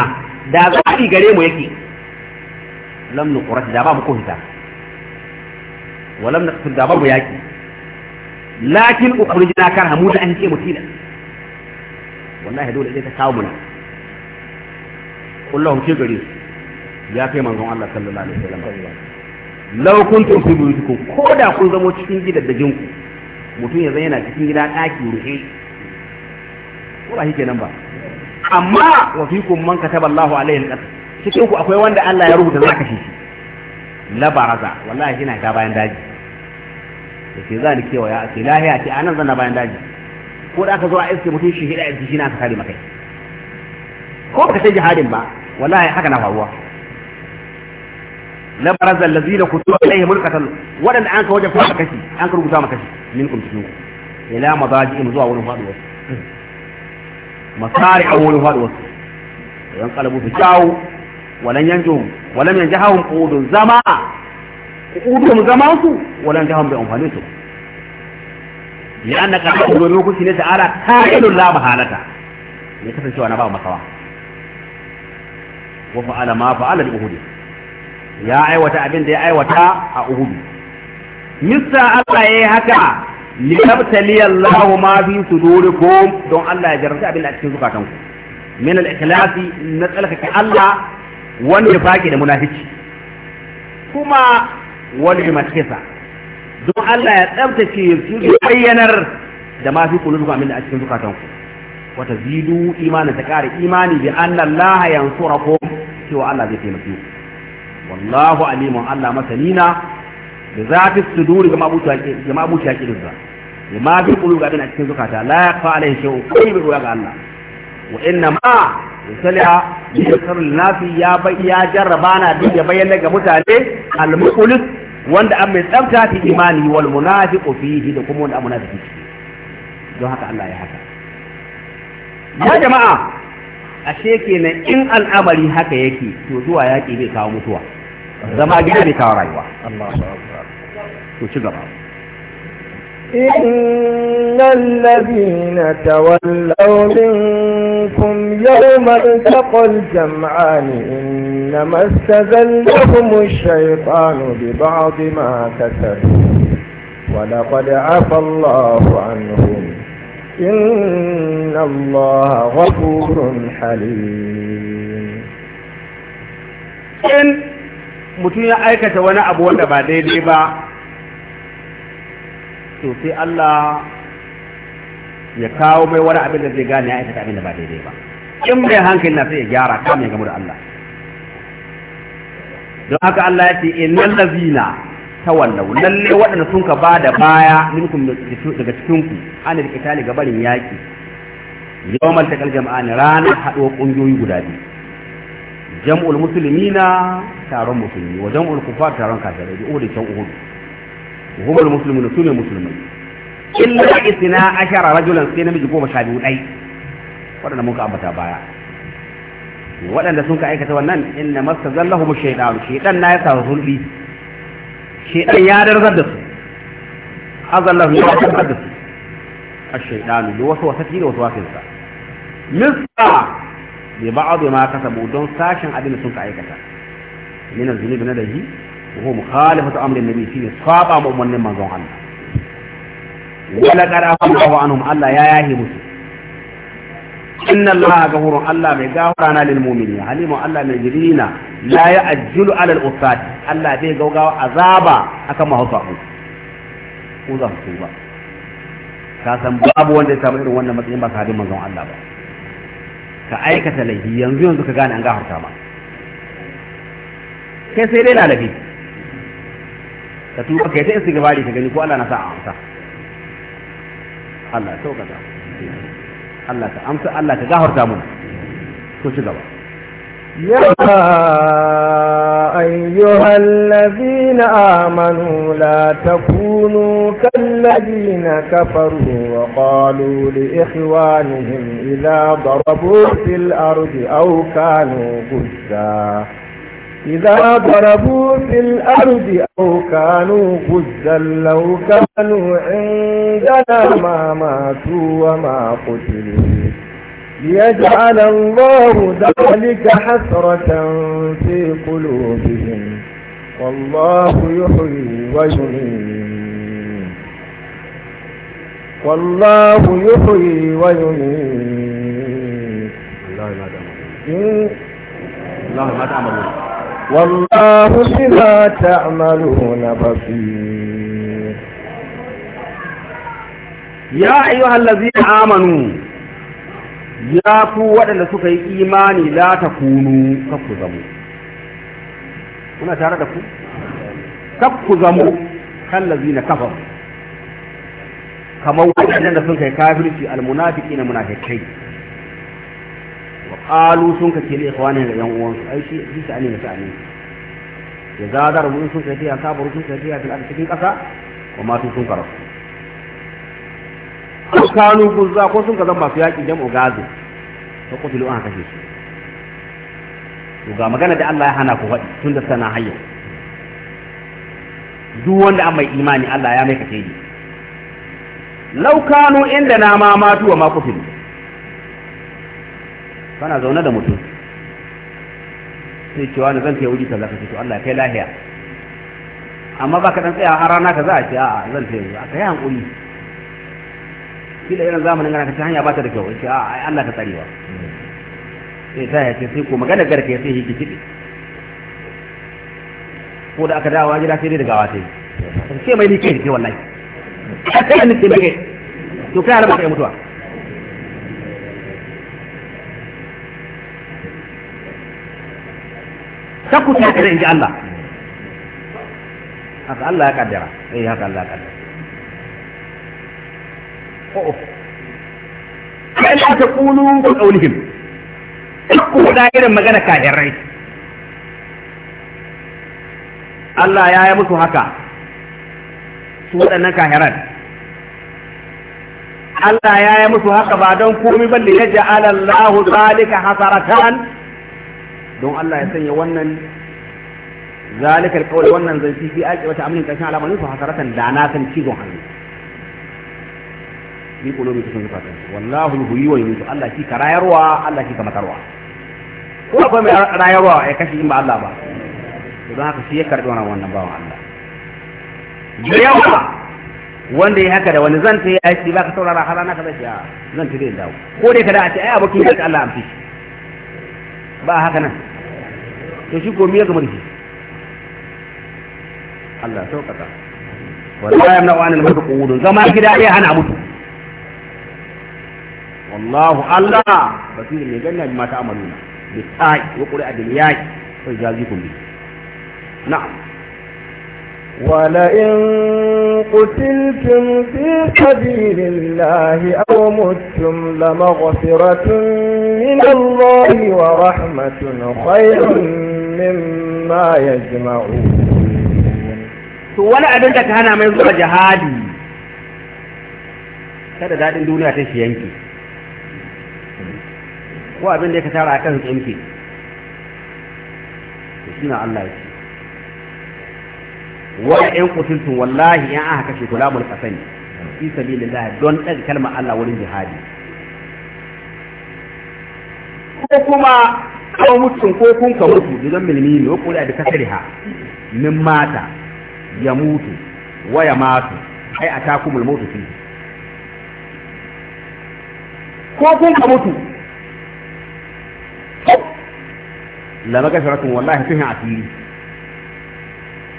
da zabi gare mu yake lam nuqrat da ba mu ko hita wa lam naqtul da ba mu yaki lakin ukhrijna karha mu da an ce mu mutila wallahi dole sai ka kawo muna kullum ke gari ya kai manzon Allah sallallahu alaihi wasallam law kuntum fi buyutikum ko da kun zamo cikin gidaddajin ku mutum ya zan yana cikin gida daki ruhi ko ba shike nan ba amma wa fikum man kataba Allahu alaihi alqatl cikin ku akwai wanda Allah ya rubuta zaka shi la baraza wallahi ina ga bayan daji yace za ni kewa ya ce lahiya ce anan zan na bayan daji ko da aka zo a iske mutum shi hida iske shi na ka kare makai ko baka sai jihadin ba wallahi haka na faruwa la barazal lazina kutu alaihi mulkatan wadan an ka wajen fara kashi an ka rubuta maka shi minkum cikin ku ila in zuwa wurin faduwa masari a wurin faduwa yan kalabu fi jawo walan yanjuhum walam yanjahum qudun zama qudun zama su walan jahum bi amfani su لأن قد أخذ الوكس تعالى كائن لا محالة يكفي سوى نبأ مكواه وفعل ما فعل لأهود ya aiwata abin da ya aiwata a uhudu mista Allah ya yi haka litabtali Allah ma fi sudurikum don Allah ya jarrata abin da a cikin zukatanku min al-ikhlasi na tsalkake Allah wani ya faki da munafici kuma wani matkisa don Allah ya tsabtace su bayyanar da ma fi kulubu da a cikin zukatanku wata zidu imanin ta kare imani bi anna Allah yansurakum cewa Allah zai taimake ku wallahu alimun Allah masani na da zati suduri ga mabuta ga mabuta kirin za ya ma fi kulu ga bin a cikin zukata la yaqfa alaihi shay'u kai bi ruwa ga Allah wa inna ma yusaliha bi sirrul nafi ya bai ya jarraba na bi ya bayyana ga mutane al mukhlis wanda an mai tsafta fi imani wal munafiqu fihi da kuma wanda munafiki don haka Allah ya haka ya jama'a ashe kenan in al'amari haka yake to zuwa yaƙi bai kawo mutuwa zama gida bai kawo rayuwa to ci gaba إن الذين تولوا منكم يوم التقى الجمعان إنما استذلهم الشيطان ببعض ما كسبوا ولقد عفى الله عنهم إن الله غفور حليم إن mutum ya aikata wani abu wanda ba daidai ba to Allah ya kawo mai wani abin zai gane ya aikata abin da ba daidai ba in mai hankali na sai ya gyara kame game da Allah don haka Allah ya ce innal lazina Ta wannan, lalle waɗanda sun ka ba da baya minkum daga cikin ku an da kitali ga barin yaki yawmal takal jam'an rana haɗo ƙungiyoyi guda biyu jam'ul muslimina taron musulmi wa jam'ul kufar taron kafirai bi uhud can uhud humul muslimuna sune musulmai illa isna ashara rajulan sai namiji goma sha biyu dai waɗanda mun ka ambata baya waɗanda sun ka aikata wannan inna mastazallahum shaytan shaytan na ya sa zulbi shaitan ya darzar da su azallar ya darzar da su ash da wasu wasafi da waswasinsa misra bi ba'd ma kasabu don sashin abin sun ka aikata min az-zunubi na dahi wa huwa mukhalafatu amri an-nabi fi saba ma umman manzon Allah wala qad afahu anhum Allah ya yahi musu inna Allah ghafurun Allah mai gafara na lil mu'minin halimu Allah mai jirina la ya ajjulu alal usat Allah bai gaugawa azaba akan mahausa ku ku za su ba ka san babu wanda ya samu irin wannan matsayin ba sahabin manzon Allah ba ka aikata laifi yanzu yanzu ka gane an gafarta ma Ke sai dai lalabi ka tuba kai sai istighfari ka gani ko Allah na sa a amsa Allah sauka ta Allah ka amsa Allah ka gafarta mu ko ci gaba يا أيها الذين آمنوا لا تكونوا كالذين كفروا وقالوا لإخوانهم إذا ضربوا في الأرض أو كانوا غزا إذا ضربوا في الأرض أو كانوا غزا لو كانوا عندنا ما ماتوا وما قتلوا ليجعل الله ذلك حسرة في قلوبهم والله يحيي ويميت والله يحيي ويميت الله ما تعملون والله بما تعملون بصير يا أيها الذين آمنوا ya ku waɗanda suka yi imani la ta kunu ku zamo. muna tare da ku ku zamo, kallazi na kafar kamar waɗanda sun kai kafirci almunafiki na munafikai qalu sun ka kele ikhwani da yan uwansu ai shi shi ta ne ta ne ya zadar mun sun kai ta kabaru sun kai ta fil cikin kasa wa ma sun karasu kanu guzza ko sun ka zan masu yaƙi jam'u gazi ta kutulu an kashe su to ga magana da Allah ya hana ku faɗi tun da sana hayyau duk wanda an mai imani Allah ya mai kace ni law kanu inda na ma matu wa ma kutulu kana zaune da mutum sai cewa na zan kai wuji kaza kace to Allah kai lahiya amma ba ka dan tsaya har rana za a ce a'a zan kai wuji a yi hankuri shi da irin zamanin gana ta hanya ba ta da kyau sai a Allah ta tsarewa sai ta yace sai ko magana ya sai yake kidi ko da aka dawo gida sai dai daga gawa sai sai mai nike ke wallahi sai an nike mai to kai Allah ka mutuwa takuta in inji Allah haka Allah ya kaddara eh haka Allah ya kaddara kai la ta kulu ku qaulihim ku da irin magana kafirai Allah ya yi musu haka su waɗannan kafiran Allah ya yi musu haka ba don komai ba ya yaj'ala alallahu zalika hasaratan don Allah ya sanya wannan zalika alqawl wannan zai fi fi aiki wata amin kashin alamarin su hasaratan da na san cizon hannu bi qulubi cikin zakatan wallahu yuhyi wa yumiitu Allah ki ka rayarwa Allah ki ka matarwa ko akwai mai rayarwa ya kashi in ba Allah ba to don haka shi ya karbi wannan wannan bawan Allah da yawa wanda ya haka da wani zan ta ya shi ka saurara har na kaza zai a ah, zan ta zai dawo ko dai ka da a ce ai abokin ya Allah amfi ba haka nan to shi ko miya gamar shi Allah sauƙaƙa wala na wani mutu ƙudun zama gida ɗaya hana mutu الله الله basirun mai جنة ما تعملون amaluna bi tsa'i wa qur'a bil yaqi ولئن قتلتم في سبيل الله أو متم لمغفرة من الله ورحمة خير مما يجمعون to wani abin da ka hana mai zuwa jihadi kada daɗin duniya ta shi yanke ko abin da ya tara kan tsinke shine Allah ya ce wa in qutiltum wallahi in aka kashe kulamul qasani fi sabilillah don ɗan kalmar Allah wurin jihadi ko kuma kawo mutum ko kun ka mutu idan milmi ne ko da ha, min mata ya mutu waya ya matu ai atakumul mautu mutu. ko kun ka mutu la magasharatun wallahi tuhin asiri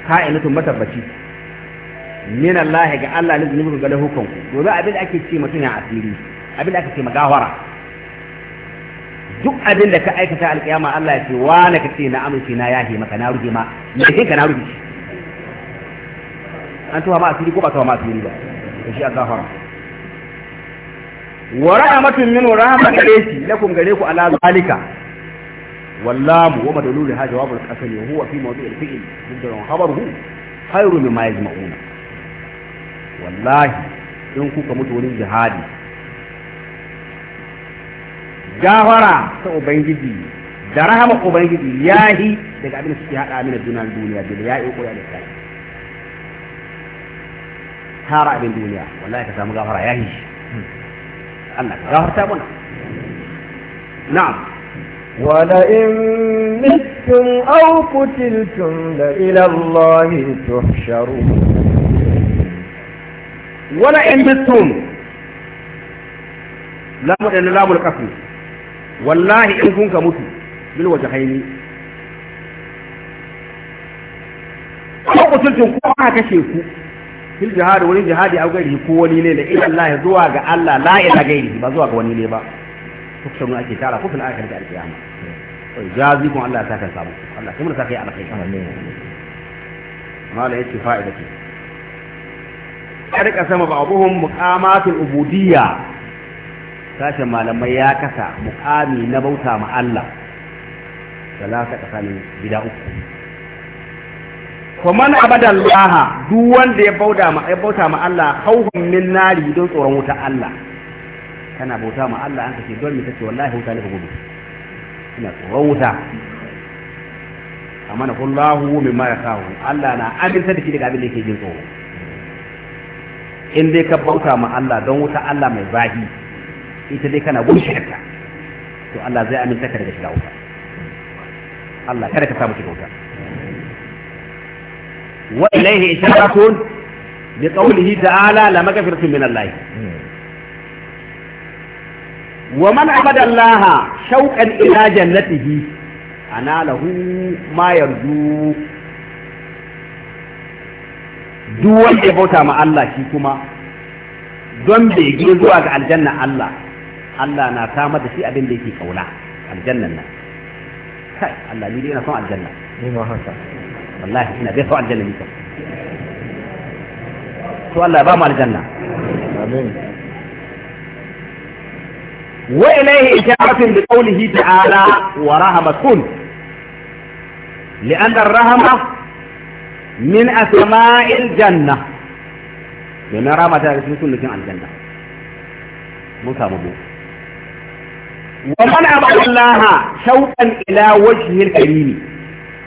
ka'inatun matabbaci min Allah ga Allah ne zunubi ga lahukan ku gobe abin da ake ce mutum ya asiri abin da ake ce magawara duk abin da ka aikata alƙiyama Allah ya ce wa na kace na amince na yahe maka na rufe ma me kai ka na rufe an tuwa ma asiri ko ba tuwa ma asiri ba to shi Allah haram wa rahmatun min rahmatin lakum gare ku ala zalika واللام وما دلول لها جواب الاسم وهو في موضوع الفعل مجرد خبره خير مما يجمعون والله ان كنت متولي جهادي جاهرا سأبنجدي درهم أبنجدي ياهي لك أبنى سكيهات آمين الدنيا الدنيا بلياء أقول عليك هارا من دنيا والله كسام جاهرا ياهي أنك جاهر سابنا نعم ولئن متم أو قتلتم لإلى الله تحشرون ولئن متم لام إن لام القسم والله إن كنت مت بالوجهين أو قتلتم كما كشفوا في الجهاد ولي جهادي أو غيره كوني ليلة إلى الله زواج الله لا إلى غيره ما زواج وني ليلة tuksaru ake tara ko fil da alqiyama jazi kun Allah ya saka samu Allah kuma saka sama muqamatul ubudiyya sashen malamai ya kasa muqami na bauta ma Allah tsakanin gida uku laha duk wanda ya bauta ma ya bauta Allah khawfun min nari don tsoron wuta Allah kana bauta ma Allah an kace don me kace wallahi huta nake gudu ina tsoron wuta na kullahu mimma yakahu Allah na aminta da shi daga abin da yake jin tsoro in dai ka bauta ma Allah don wuta Allah mai zahi ita dai kana gudun shirka to Allah zai aminta ka daga shiga wuta Allah kada ka samu shiga wuta wa ilaihi isharatun bi qawlihi ta'ala la maghfiratun min Allah wa man abada Allah shauqan ila jannatihi ana lahu ma yarju duk wanda ya bauta ma Allah shi kuma don bege zuwa ga aljanna Allah Allah na samar da shi abin da yake kauna aljannan nan kai Allah ni dai ina son aljanna ni ma haka wallahi ina dai son aljanna ni to Allah ya ba mu aljanna amin wa ilaihi isharatun bi qawlihi ta'ala wa rahmatun li'anna ar-rahma min asma'il janna domin rahma ta cikin sunnatin aljanna mun samu bu wa man abada Allah shauqan ila wajhil karim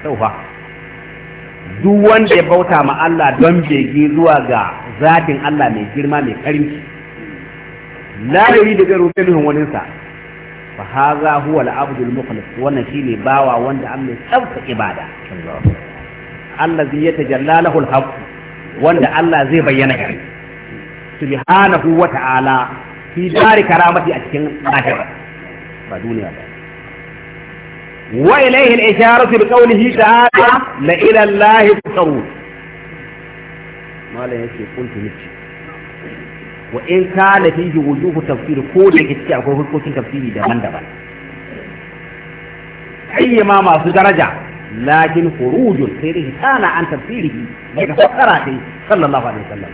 saufa duk wanda ya bauta ma Allah don bege zuwa ga zatin Allah mai girma mai karinci la yayi da garo kai min wani sa fa hadha huwa al-abd al wannan shine bawa wanda amma tsafta ibada allazi yatajalla lahu al wanda Allah zai bayyana gare subhanahu wa ta'ala fi dari karamati a cikin lahira ba duniya ba wa bi yake kuntu وإن كان فيه وجوه تفسير كل إشياء وهو كل تفسير دبان دبان أي ما ما درجة لكن خروج الخير كان عن تفسيره بين فقراته صلى الله عليه وسلم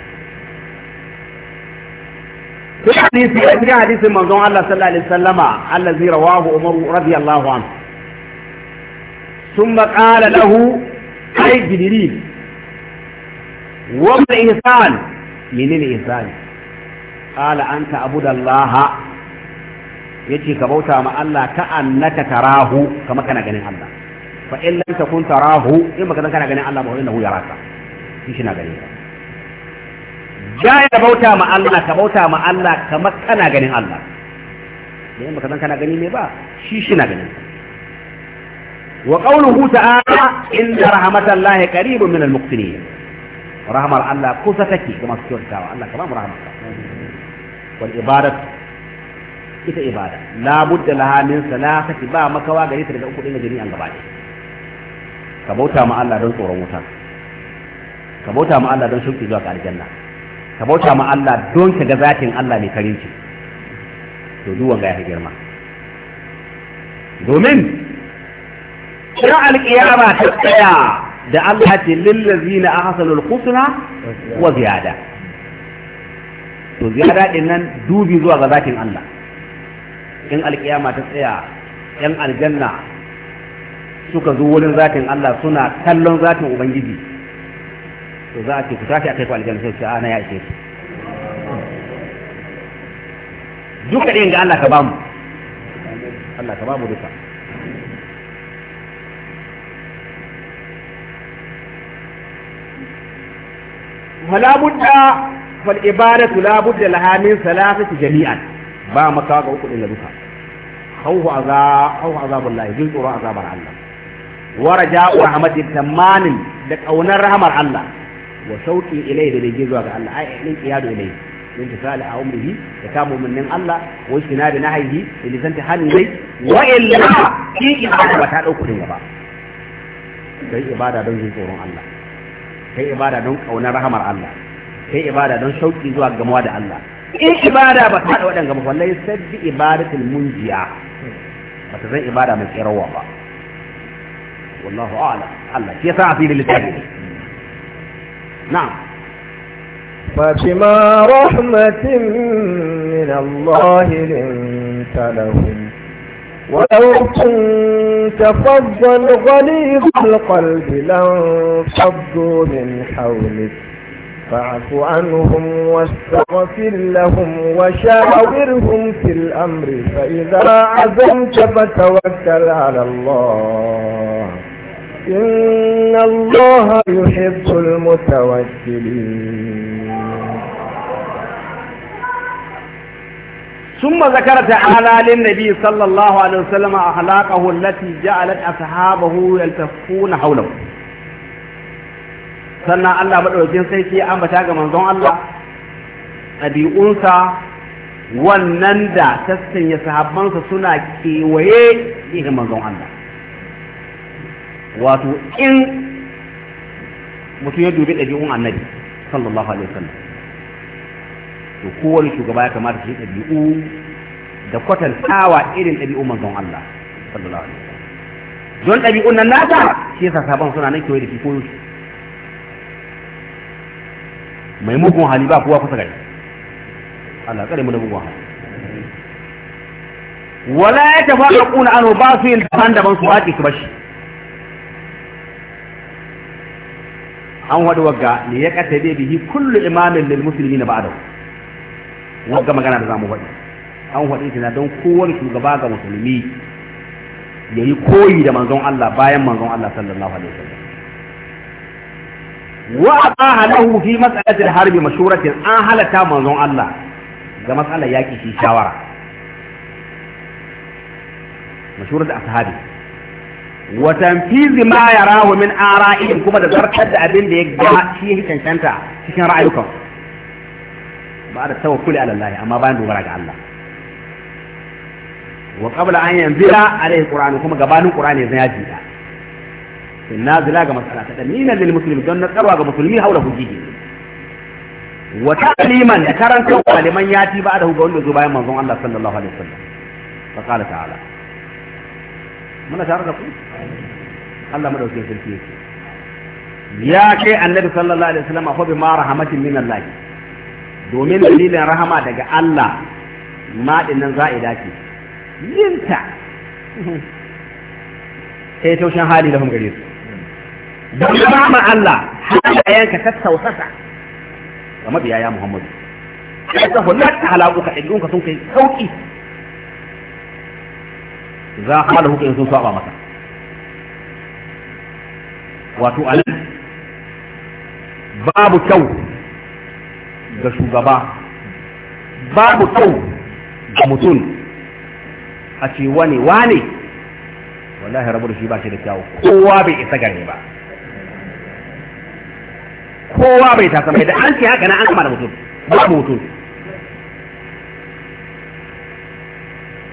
في حديث في حديث من دون الله صلى الله عليه وسلم الذي رواه عمر رضي الله عنه ثم قال له اي جليل وما الانسان من الانسان qala anta abudallaha yace ka bauta ma Allah ta annaka tarahu kamar kana ganin Allah fa in lam takun tarahu in baka kana ganin Allah ba wannan hu yaraka shi shi na gani ka ja ya bauta ma Allah ka bauta ma Allah kamar kana ganin Allah da in baka kana gani ne ba shi shi na ganin ka وقوله تعالى إن رحمة الله قريب من المقتنين رحمة الله كوسة تكي كما سكرتها الله كلام رحمة الله wal ibadat ita ibada la budda laha min salasati ba makawa gare ta daga uku din jami'an gaba ɗaya ka bauta ma Allah don tsoron wuta ka bauta ma Allah don shauki zuwa ga aljanna ka bauta ma Allah don ka ga zatin Allah mai karinci to duk wanga ya girma domin sai alƙiyama ta tsaya da Allah ce lillazina ahsanul husna wa ziyada to ziyara din nan dubi zuwa ga zatin Allah in alkiyama ta tsaya yan aljanna suka zo wurin zatin Allah suna kallon zatin ubangiji to za a ce ku tashi a kai ku aljanna sai ana ah, ya ce duka din ga Allah ka bamu Allah ka bamu duka wala budda fal ibadatu la budda laha min salasati ba maka ga uku din duka khawfu azab khawfu rahmar Allah wa shauqi ilayhi da bai zuwa ga Allah ai zai wa illa don rahmar Allah sai ibada don shauki zuwa gamuwa da Allah in ibada ba ta da waɗanda ba wallahi sabbi ibadatul munjiya ba ta zan ibada mai tsirawa ba wallahu a'lam Allah ya sa asiri littafi na'am فبما rahmatin min Allah لنت لهم ولو كنت فظا غليظ القلب لانفضوا من حولك فاعف عنهم واستغفر لهم وشاورهم في الأمر فإذا عزمت فتوكل على الله إن الله يحب المتوكلين ثم ذكر تعالى للنبي صلى الله عليه وسلم أخلاقه التي جعلت أصحابه يلتفون حوله sannan Allah maɗaukin sarki ya ambata ga manzon Allah ɗabi'unsa wannan da ta sanya sahabbansa suna kewaye irin manzon Allah wato in mutum ya dubi ɗabi'un annabi sallallahu alaihi wasallam to kowane shugaba ya kamata shi ɗabi'u da kwatantawa irin ɗabi'un manzon Allah sallallahu alaihi wasallam don ɗabi'un nan nata shi yasa sahabban suna nan kewaye da shi ko mai mugun hali ba kowa kusa gari Allah kare mu da mugun hali wala ya kuna anhu ba su yin da daban su haƙi su bashi an wadu wagga ne ya katabe bihi kullu imamin lil na ba'dahu wagga magana da zamu faɗi an faɗi na don kowane shugaba ga musulmi yayi koyi da manzon Allah bayan manzon Allah sallallahu alaihi wasallam wa ataha lahu fi mas'alatil harbi mashuratin an halata manzon Allah ga mas'alar yaƙi shi shawara Mashurar da ashabi wa tanfizi ma yarahu min ara'ihim kuma da zartar da abin da ya ga shi ya cancanta cikin ra'ayukan ba da tawakkuli ala Allah amma bayan dogara ga Allah wa qabla an yanzila alaihi qur'an kuma gabanin qur'ani zai yaji nazila ga masala ta dalilin lil muslim don na tsarwa ga musulmi haula hujjihi wa ta'liman da karanta waliman yati ba da ga wanda zo bayan manzon Allah sallallahu alaihi wasallam fa qala ta'ala muna tare da ku Allah madauke sarki yake ya kai annabi sallallahu alaihi wasallam fa bi ma rahmatin min Allah domin dalilin rahama daga Allah ma dinnan za'ida ce yinta sai taushen hali da hum gare su Da kama Allah halayenka ta tausasa ga mabiya ya Muhammadu ya ta hulat ta halaku ka ɗabi'unka sun kai sauƙi za a halaku ka sun saba masa wato a babu kyau ga shugaba babu kyau ga mutum a ce wane wane wallahi rabu da shi ba shi da kyawu kowa bai isa gare ba kowa bai ta sama da an ce haka na an kama da mutum babu mutum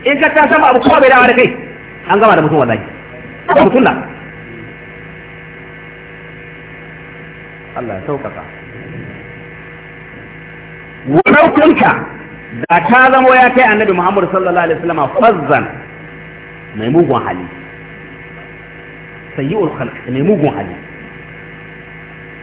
in ka ta sama abu kowa bai dawa da kai an gama da mutum wallahi da mutum na Allah ya sauƙaƙa wannan kunta da ta zamo ya kai annabi Muhammadu sallallahu alaihi wasallam fazzan mai mugun hali sayyi'ul khalq mai mugun hali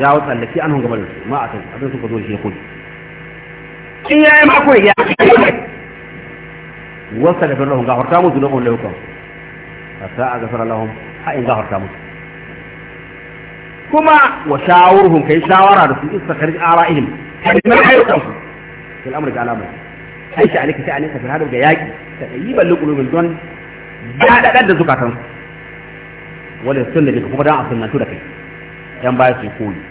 جاءوا تلكي انهم قبل ما اتوا ابن تقدوا شيء يقول إيه يا ما قوي يا وصل لهم قهر تامو دونه ولا يكون فتاع غفر لهم حق قهر تامو كما وشاورهم كي شاورا في استخرج ارائهم من حيث الامر جعل امر اي شيء عليك تعني انت في هذا الجياجي تقييبا لقلوب الدون جاء لقد زكاتهم ولا يصل لك وبدا اصل ما تركي yan baya su koyi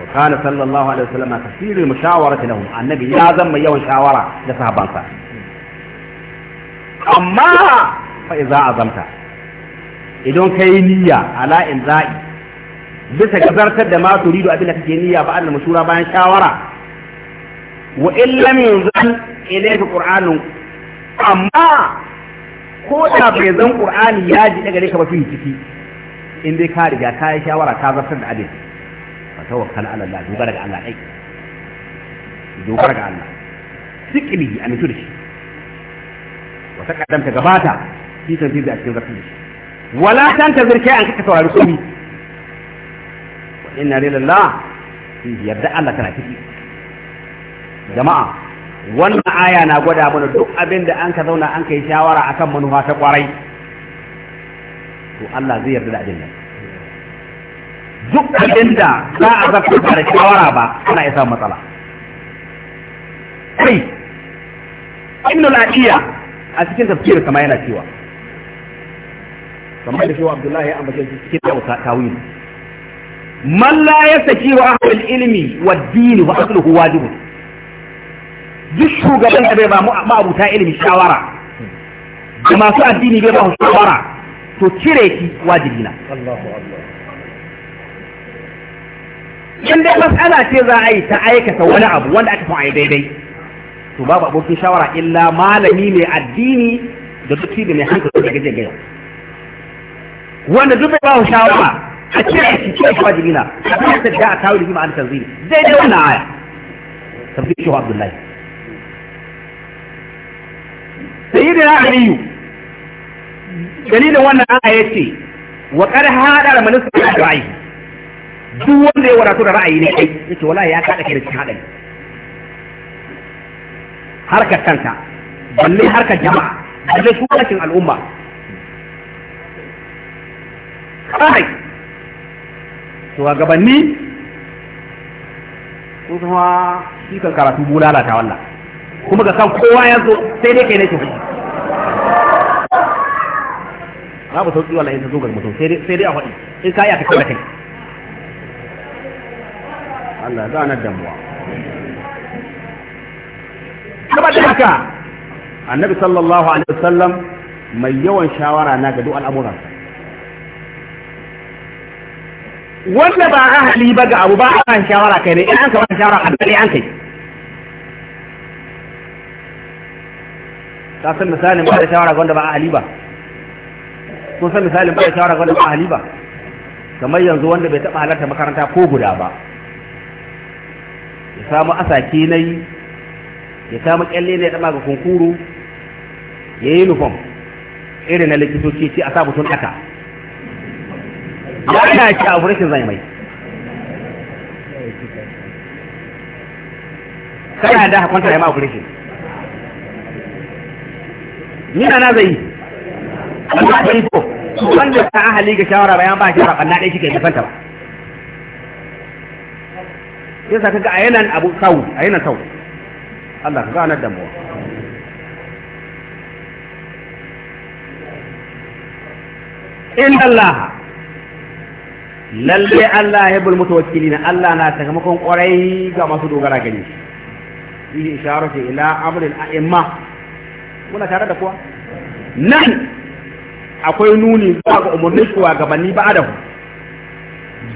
wa kana sallallahu alaihi wasallam kasiru mushawarati lahum annabi ya zama yawan shawara da sahabansa amma fa idza azamta idan kai niyya ala za'i, bisa ga da ma turidu abin da kake niyya ba annal mashura bayan shawara wa in lam yunzal ilayka qur'anun amma ko da bai zan qur'ani ya ji daga gare ka ba fi ciki in dai ka riga ka yi shawara ka zartar da abin fa tawakkal ala Allah dogara ga Allah dai dogara ga Allah sikili mutu da shi wa ta gabata fi tanfizi a cikin zartar da shi wala ta kai an kaka saurari komai wa inna lillahi yarda Allah tana ciki jama'a wannan aya na gwada mana duk abin da an ka zauna an kai shawara akan manufa ta kwarai to Allah zai yarda da abin nan duk abin da za a zafi da shawara ba ana isa matsala kai ibn al-adiya a cikin tafsir kama yana cewa kamar da cewa Abdullahi an ambace shi cikin yawa tawil man la yasaki wa ahlul ilmi wa dini din wa asluhu wajibun duk shugaban da bai ba mu abuta ilimi shawara da masu addini bai ba shawara to cire ki wajibi na in dai mas'ala ce za a yi ta aikata wani abu wanda aka son a yi daidai to babu abokin shawara illa malami mai addini da duk da mai hankali da gaje gaya wanda duk ba shawara a cire ki cire ki wajibi na a kuma ta da a kawo rigima an tanzili daidai wannan aya tafsir shi Abdullahi sayyidina Aliyu dalilin wannan aya ce wa qad hada manisa da ra'ayi duk wanda ya wadatu da ra'ayi ne kai yace wallahi ya kada kai da cikin hadari harkar kanka balle harkar jama'a balle shugabancin al'umma kai gabanni ko kuma shi kan karatu bulala ta wallah kuma ga san kowa ya zo sai dai kai ne ke babu sauki wallahi ta zo ga mutum sai dai a faɗi in ka iya ka kalla kai Allah za na damuwa saboda haka annabi sallallahu alaihi wasallam mai yawan shawara na ga duk al'amuransa wanda ba hali ba ga abu ba a kan shawara kai ne in an kawar shawara a dare an kai ka san misalin ba da shawara ga wanda ba a hali ba kun san misalin bai shawara ga wani ahli ba kamar yanzu wanda bai taba halarta makaranta ko guda ba ya samu asaki yi ya samu kyalle ne ya dama ga kunkuru ya yi uniform irin na likitoci ce a sabu sun aka ya ina shi a wurin zai mai kana da hakunta ya ma operation ni na zai yi amma dai ko wanda ta ahali ga shawara bayan ba shawara kanna dai kike nufanta ba yasa kaga a yanan abu sau a yanan sau Allah ka ganar da mu Allah lalle Allah ya bul mutawakkilin Allah na sakamakon kwarai ga masu dogara gani shi isharatu ila amril a'imma muna tare da kuwa nan akwai nuni zuwa ga umarnin gabanni ba da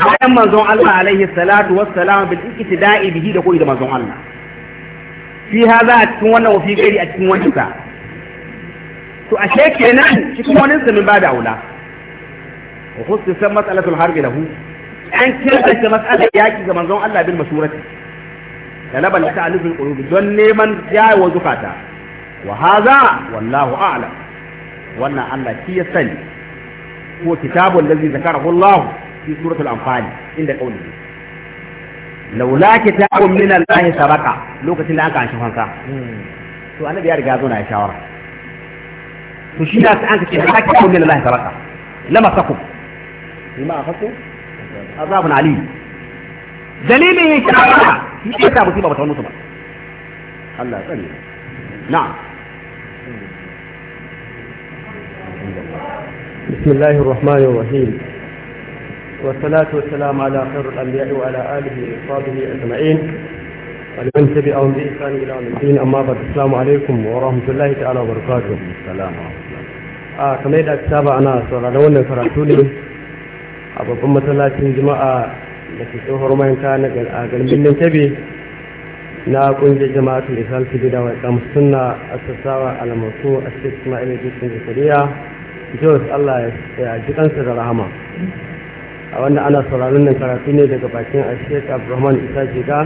bayan manzon Allah alaihi salatu wassalam bil iktida'i bihi da koyi da manzon Allah fi hada a cikin wannan wafi gari a cikin wannan sa to ashe kenan cikin wannan sa min ba da aula wa khususa mas'alatul harb lahu an kirkata mas'alar yaki ga manzon Allah bil masurati talaban ta'alifin qulubi don neman jawo zukata wa hadha wallahu a'lam wannan Allah shi ya sani ko kitabun da lazi zakarahu Allah fi suratul anfal inda qawli laula kitabun min Allah sabaka lokacin da aka an shafanka to annabi ya riga zona ya shawara to shi na an kace laula kitabun min Allah sabaka lama sakum bima afaku azabun ali dalilin shi ne ta musiba ba ta mutu ba Allah ya tsare na'am إلا الله بسم الله الرحمن الرحيم والصلاة والسلام على خير الأنبياء وعلى آله وأصحابه أجمعين ومن تبعهم بإحسان إلى يوم الدين أما بعد السلام عليكم ورحمة الله تعالى وبركاته السلام آه كما يدعى كتاب أنا صلى الله عليه وسلم أبو قمة الله جماعة da ke tsohon rumayin ta na galmin tabi na kungiyar jama'atul islam ta gida wa kam sunna asasawa almasu a cikin ismail da zakariya jos allah ya ji kansa da rahama a wanda ana sauraron nan karatu ne daga bakin a shek abdurrahman isa jiga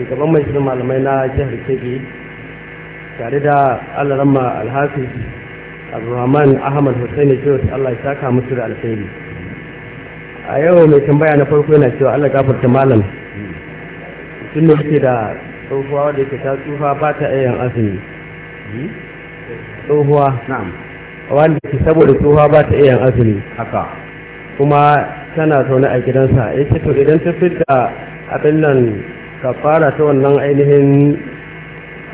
shugaban majalisar malamai na jihar kebbi tare da Allah, alarama alhafiz abdurrahman ahmad hussein jos allah ya saka musu da alkhairi a yau mai tambaya na farko yana cewa allah gafarta malam tunda yake da tsohuwa wadda yake ta tsufa ba ta iya azumi tsohuwa na'am wanda ke saboda tsohuwa ba ta iya azumi haka kuma tana zaune a gidansa ya ce to idan ta fidda abin nan ka fara ta wannan ainihin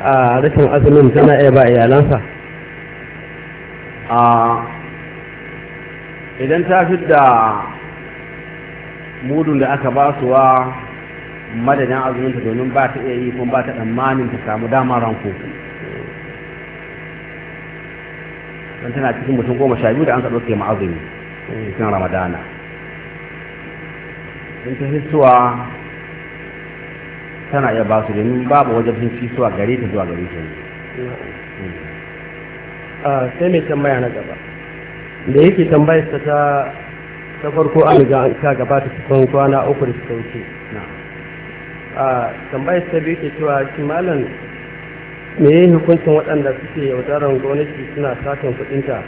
a rashin azumin tana iya ba iyalansa idan ta da mudun da aka ba su wa. madadin azuminta domin ba ta iya yi kuma ba ta tsammanin ta samu dama ranko don tana cikin mutum goma sha biyu da an ka ɗauke ma'azumi eh, cikin ramadana in ta hissuwa tana iya ba su domin babu wajen sun fi suwa gare ta zuwa gare ta ah, sai mai tambaya na gaba da yake tambayar ta ta farko an ga an ka gabata cikin kwana uku da suka wuce a tambayar ta biyu ke cewa malam me yi hukuncin waɗanda suke yaudarar gwamnati suna satan kuɗinta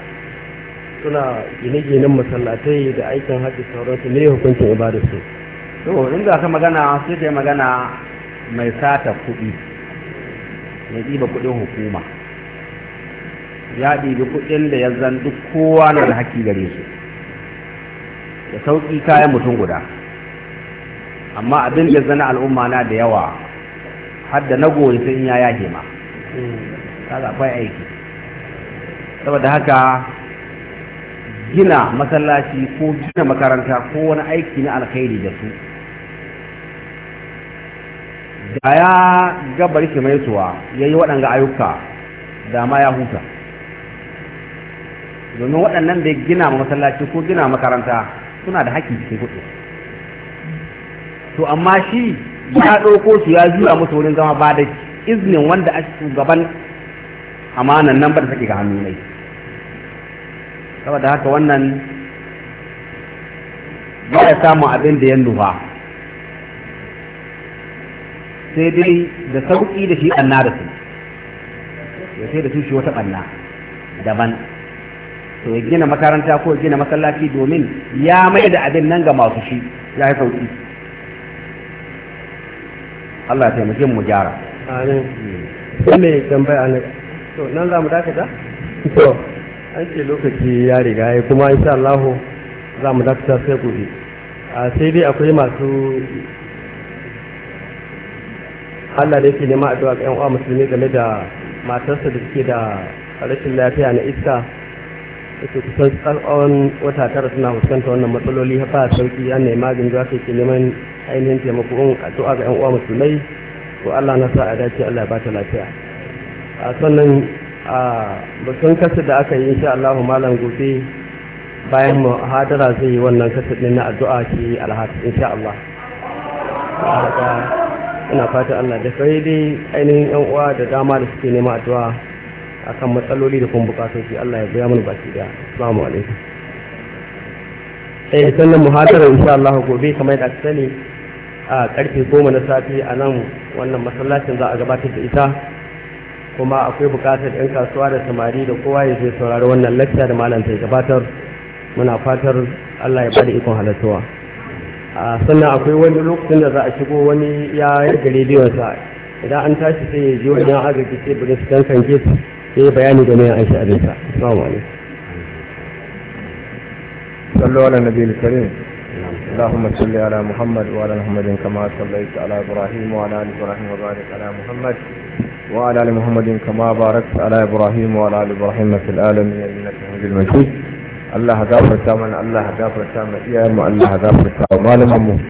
suna gine-ginen masallatai da aikin haji sauransu me yi hukuncin su? to in za ka magana sai dai magana mai sata kuɗi mai ɗiba kuɗin hukuma ya ɗibi kuɗin da ya zan duk kowa na da haƙƙi gare su da sauƙi kayan mutum guda amma abin da zana al'umma na da yawa har da na goyi sun ya yage ma kaga akwai aiki saboda haka gina masallaci ko gina makaranta ko wani aiki na alkhairi da su da ya gabar shi mai suwa ya yi waɗanga ayyuka da ma ya huta domin waɗannan da ya gina masallaci ko gina makaranta suna da haƙƙi cikin kuɗi to amma shi ya ɗauko su ya juya musu wurin zama ba da iznin wanda a shugaban amanan nan ba da take ga hannu mai saboda haka wannan ba ya samun abin da ya nufa sai dai da sauƙi da shi ɓanna da su ya sai da su shi wata ɓanna daban to ya gina makaranta ko ya gina masallaci domin ya mai da abin nan ga masu shi ya yi sauƙi Allah taimake mu gyara amin me tambaya ne to nan za mu dakata to an ce lokaci ya riga ya kuma insha Allah za mu dakata sai gobe a sai dai akwai masu Allah da yake nema addu'a ga ƴan uwa musulmi game da matarsa da suke da rashin lafiya na iska yake kusan wata tara suna fuskanta wannan matsaloli ba sauki an ne magin za su ke neman ainihin taimako in addu'a ga 'yan uwa musulmai Ko Allah na sa a dace Allah ba ta lafiya a sannan a bakin kasar da aka yi insha Allah malam gobe bayan muhadara zai yi wannan kasar din na addu'a ke alhat insha Allah ina fata Allah da kai dai ainihin 'yan uwa da dama da suke neman addu'a akan matsaloli da kuma bukatoci Allah ya biya mana baki daya assalamu alaikum eh sannan muhatara insha Allah gobe kamar yadda aka sani a karfe goma na safe a nan wannan masallacin za a gabatar da ita kuma akwai bukatar 'yan kasuwa da samari da kowa ya je saurari wannan lakta da malam ta gabatar muna fatar Allah ya bada ikon halattuwa sannan akwai wani lokacin da za a shigo wani ya yarda rediyonsa idan an tashi sai ya je wajen agaji sai burin su kankan gate sai bayani game da aisha abinta salamu alaikum sallu ala nabiyil karim mana allah ya gafarta mana malamanmu